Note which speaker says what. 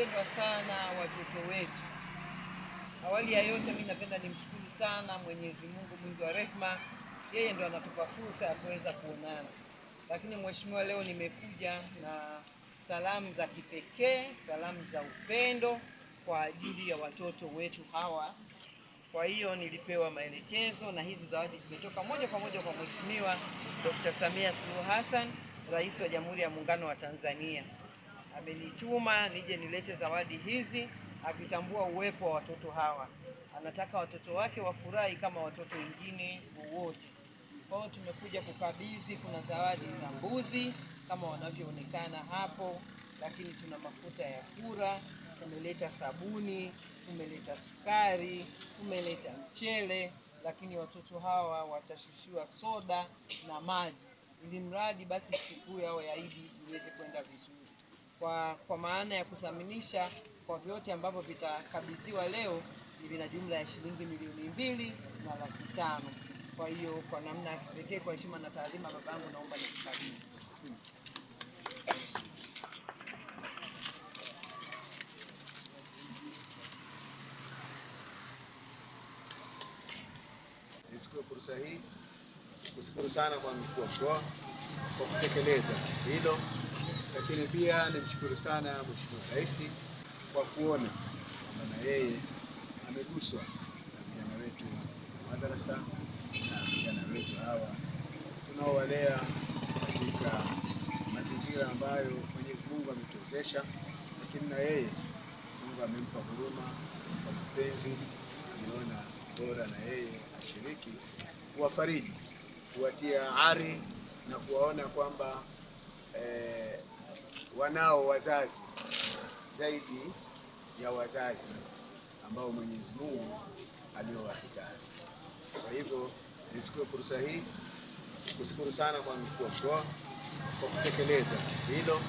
Speaker 1: Wapendwa sana watoto wetu, awali ya yote, mimi napenda nimshukuru sana Mwenyezi Mungu mwingi wa rehema, yeye ndo anatupa fursa ya kuweza kuonana. Lakini mheshimiwa, leo nimekuja na salamu za kipekee, salamu za upendo kwa ajili ya watoto wetu hawa. Kwa hiyo nilipewa maelekezo na hizi zawadi zimetoka moja kwa moja kwa Mheshimiwa Dr. Samia Suluhu Hassan, Rais wa Jamhuri ya Muungano wa Tanzania amenituma nije nilete zawadi hizi, akitambua uwepo wa watoto hawa. Anataka watoto wake wafurahi kama watoto wengine wowote. Kwa hiyo tumekuja kukabidhi, kuna zawadi za mbuzi kama wanavyoonekana hapo, lakini tuna mafuta ya kura, tumeleta sabuni, tumeleta sukari, tumeleta mchele, lakini watoto hawa watashushiwa soda na maji, ili mradi basi sikukuu yao ya Idi iweze kwenda vizuri kwa, kwa maana ya kuthaminisha kwa vyote ambavyo vitakabidhiwa leo vina jumla ya shilingi milioni mbili na laki tano. Kwa hiyo kwa namna ya kipekee, kwa heshima na taadhima, babangu, naomba nikukabidhi
Speaker 2: Nichukue fursa hii kushukuru sana kwa mkuu wa mkoa kwa kutekeleza hilo lakini pia nimshukuru sana Mheshimiwa Rais kwa kuona kwamba na yeye ameguswa na vijana wetu wa madarasa na vijana wetu hawa tunaowalea katika mazingira ambayo Mwenyezi Mungu ametuwezesha, lakini na yeye Mungu amempa huruma, amempa mapenzi, ameona bora na yeye ashiriki kuwafariji, kuwatia ari na kuwaona kwamba wanao wazazi zaidi ya wazazi ambao Mwenyezi Mungu aliowafikari. Kwa hivyo nichukue fursa hii kushukuru sana kwa mkuu wa mkoa kwa kutekeleza hilo.